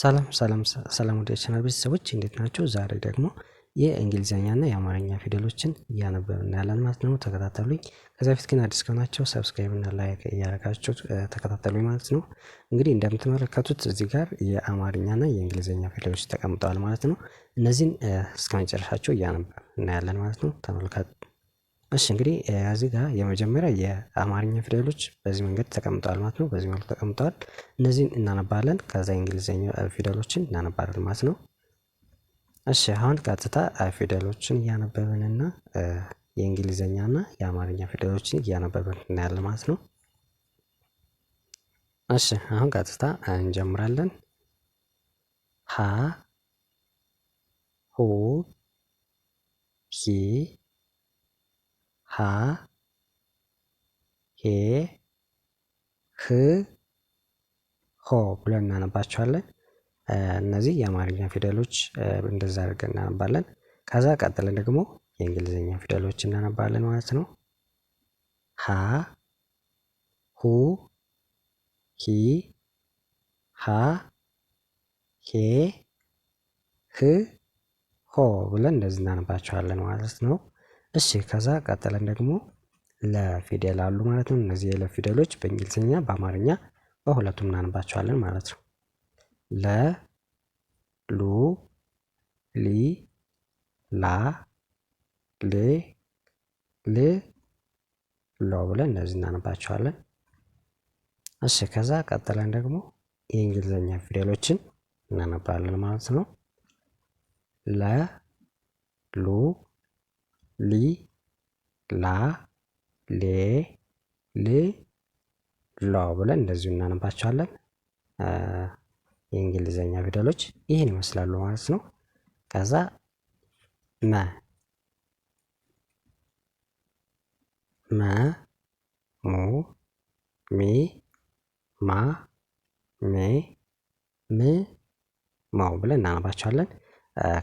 ሰላም ሰላም ሰላም ወደ ቻናል ቤተሰቦች እንዴት ናቸው? ዛሬ ደግሞ እና የአማርኛ ፊደሎችን እያነበብን ያለን ማለት ነው። ተከታተሉኝ። ከዚ በፊት ግን አዲስ ከሆናቸው ሰብስክራይብና ላይክ እያደረጋቸው ተከታተሉኝ ማለት ነው። እንግዲህ እንደምትመለከቱት እዚህ ጋር የአማርኛና የእንግሊዝኛ ፊደሎች ተቀምጠዋል ማለት ነው። እነዚህን እስከ መጨረሻቸው እናያለን ማለት ነው። ተመልካች እሺ እንግዲህ እዚህ ጋር የመጀመሪያ የአማርኛ ፊደሎች በዚህ መንገድ ተቀምጠዋል ማለት ነው። በዚህ መልኩ ተቀምጠዋል። እነዚህን እናነባለን። ከዛ የእንግሊዝኛ ፊደሎችን እናነባለን ማለት ነው። እሺ አሁን ቀጥታ ፊደሎችን እያነበብንና የእንግሊዝኛና የአማርኛ ፊደሎችን እያነበብን እናያለን ማለት ነው። እሺ አሁን ቀጥታ እንጀምራለን። ሀ ሁ ሂ ሀ ሄ ህ ሆ ብለን እናነባቸዋለን። እነዚህ የአማርኛ ፊደሎች እንደዛ አድርገን እናነባለን። ከዛ ቀጥለን ደግሞ የእንግሊዝኛ ፊደሎች እናነባለን ማለት ነው። ሀ ሁ ሂ ሃ ሄ ህ ሆ ብለን እንደዚህ እናነባቸዋለን ማለት ነው እሺ ከዛ ቀጥለን ደግሞ ለፊደል አሉ ማለት ነው። እነዚህ የለ ፊደሎች በእንግሊዝኛ በአማርኛ በሁለቱም እናንባቸዋለን ማለት ነው። ለ ሉ ሊ ላ ሌ ል ሎ ብለን እነዚህ እናንባቸዋለን። እሺ ከዛ ቀጥለን ደግሞ የእንግሊዝኛ ፊደሎችን እናነባለን ማለት ነው። ለ ሉ ሊ ላ ሌ ል ሎ ብለን እንደዚሁ እናነባቸዋለን። የእንግሊዘኛ ፊደሎች ይህን ይመስላሉ ማለት ነው። ከዛ መ መ ሙ ሚ ማ ሜ ም መው ብለን እናነባቸዋለን።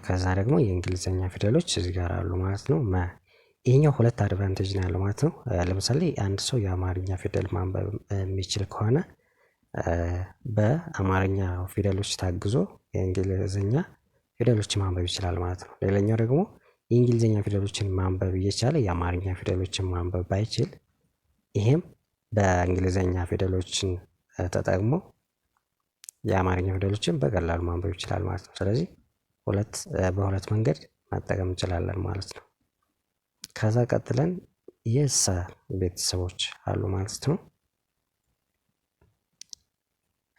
ከዛ ደግሞ የእንግሊዘኛ ፊደሎች እዚህ ጋር አሉ ማለት ነው። መ ሁለት አድቫንቴጅ ነው ያለው ማለት ነው። ለምሳሌ አንድ ሰው የአማርኛ ፊደል ማንበብ የሚችል ከሆነ በአማርኛ ፊደሎች ታግዞ የእንግሊዘኛ ፊደሎችን ማንበብ ይችላል ማለት ነው። ሌላኛው ደግሞ የእንግሊዘኛ ፊደሎችን ማንበብ እየቻለ የአማርኛ ፊደሎችን ማንበብ ባይችል ይሄም በእንግሊዘኛ ፊደሎችን ተጠቅሞ የአማርኛ ፊደሎችን በቀላሉ ማንበብ ይችላል ማለት ነው። ስለዚህ ሁለት በሁለት መንገድ መጠቀም እንችላለን ማለት ነው። ከዛ ቀጥለን የእሳ ቤተሰቦች አሉ ማለት ነው።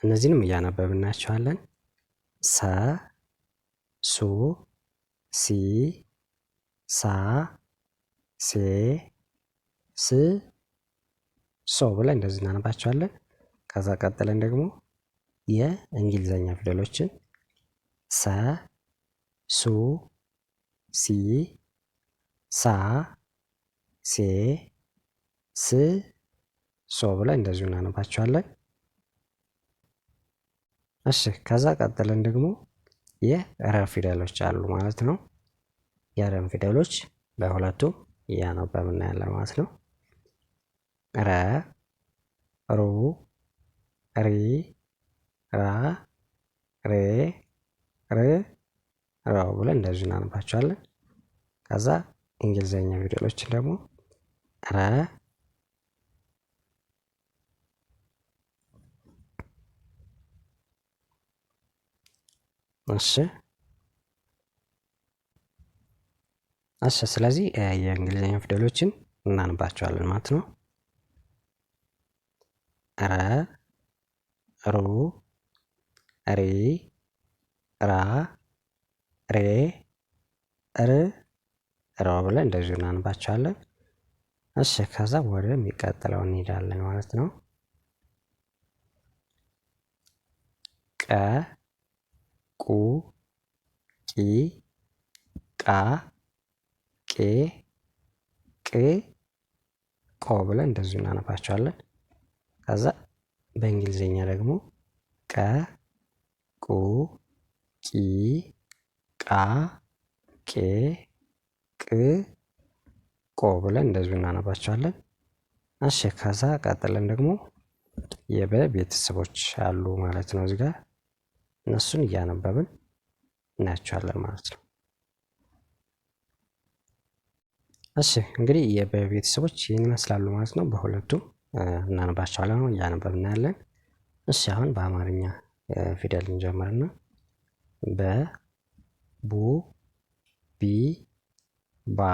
እነዚህንም እያነበብናቸዋለን። እናያቸዋለን። ሰ፣ ሱ፣ ሲ፣ ሳ፣ ሴ፣ ስ፣ ሶ ብለን እንደዚህ እናነባቸዋለን። ከዛ ቀጥለን ደግሞ የእንግሊዘኛ ፊደሎችን ሰ ሱ ሲ ሳ ሴ ስ ሶ ብለን እንደዚሁ እናነባቸዋለን። እሺ ከዛ ቀጥለን ደግሞ የረ ፊደሎች አሉ ማለት ነው። የረም ፊደሎች በሁለቱም እያነበብን እናያለን ማለት ነው። ረ ሩ ሪ ራ ሬ ሬ። ራው ብለን እንደዚህ እናነባቸዋለን። ከዛ እንግሊዘኛ ፊደሎችን ደግሞ ረ እሺ እሺ። ስለዚህ የእንግሊዝኛ ፊደሎችን እናንባቸዋለን ማለት ነው። ረ ሩ ሪ ራ ሬ ር ሮ ብለን እንደዚሁ እናነባቸዋለን። እሺ ከዛ ወደ የሚቀጥለው እንሄዳለን ማለት ነው። ቀ ቁ ቂ ቃ ቄ ቅ ቆ ብለን እንደዚሁ እናነባቸዋለን። ከዛ በእንግሊዝኛ ደግሞ ቀ ቁ ቂ ቃ ቄ ቆ ብለን እንደዚሁ እናነባቸዋለን። እሺ ከዛ ቀጥለን ደግሞ የበ ቤተሰቦች አሉ ማለት ነው። እዚህ ጋር እነሱን እያነበብን እናያቸዋለን ማለት ነው። እሺ እንግዲህ የበ ቤተሰቦች ይህን ይመስላሉ ማለት ነው። በሁለቱም እናነባቸዋለን እያነበብን እናያለን። እሺ አሁን በአማርኛ ፊደል እንጀምርና በ ቡ ቢ ባ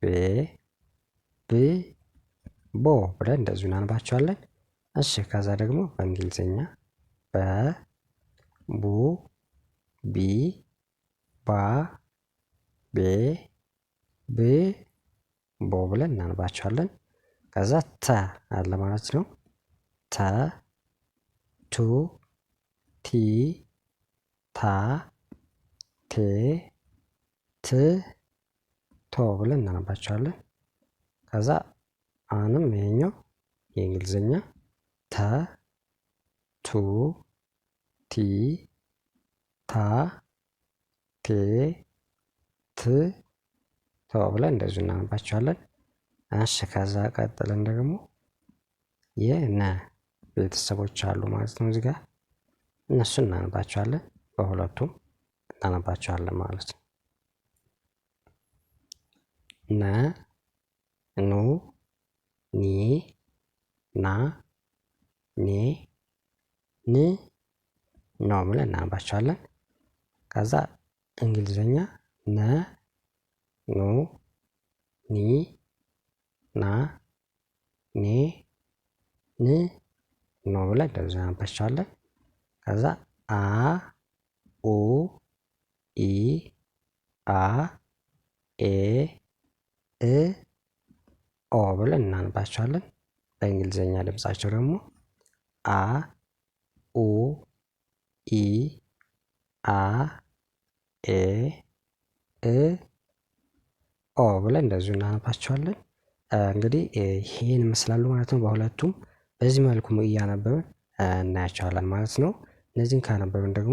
ቤ ብ ቦ ብለን እንደዚሁ እናንባቸዋለን። እሺ ከዛ ደግሞ በእንግሊዝኛ በ ቡ ቢ ባ ቤ ብ ቦ ብለን እናንባቸዋለን። ከዛ ተ አለ ማለት ነው። ተ ቱ ቲ ታ ቴ ት ቶ ብለን እናነባቸዋለን። ከዛ አንም ይሄኛው የእንግሊዝኛ ተ ቱ ቲ ታ ቴ ት ቶ ብለን እንደዚሁ እናነባቸዋለን። እሺ ከዛ ቀጥለን ደግሞ የነ ቤተሰቦች አሉ ማለት ነው እዚህ ጋር እነሱን እናነባቸዋለን በሁለቱም እናነባቸዋለን ማለት ነው። ነ ኑ ኒ ና ኔ ን ኖ ብለን እናነባቸዋለን። ከዛ እንግሊዝኛ ነ ኑ ኒ ና ኔ ን ኖ ብለን እንደዚህ እናነባቸዋለን። ከዛ አ ኡ ኢ አ ኤ እ ኦ ብለን እናነባቸዋለን። በእንግሊዝኛ ድምጻቸው ደግሞ አ ኡ ኢ አ ኤ እ ኦ ብለን እንደዚሁ እናነባቸዋለን። እንግዲህ ይሄን ይመስላሉ ማለት ነው። በሁለቱም በዚህ መልኩ እያነበብን እናያቸዋለን ማለት ነው። እነዚህን ካነበብን ደግሞ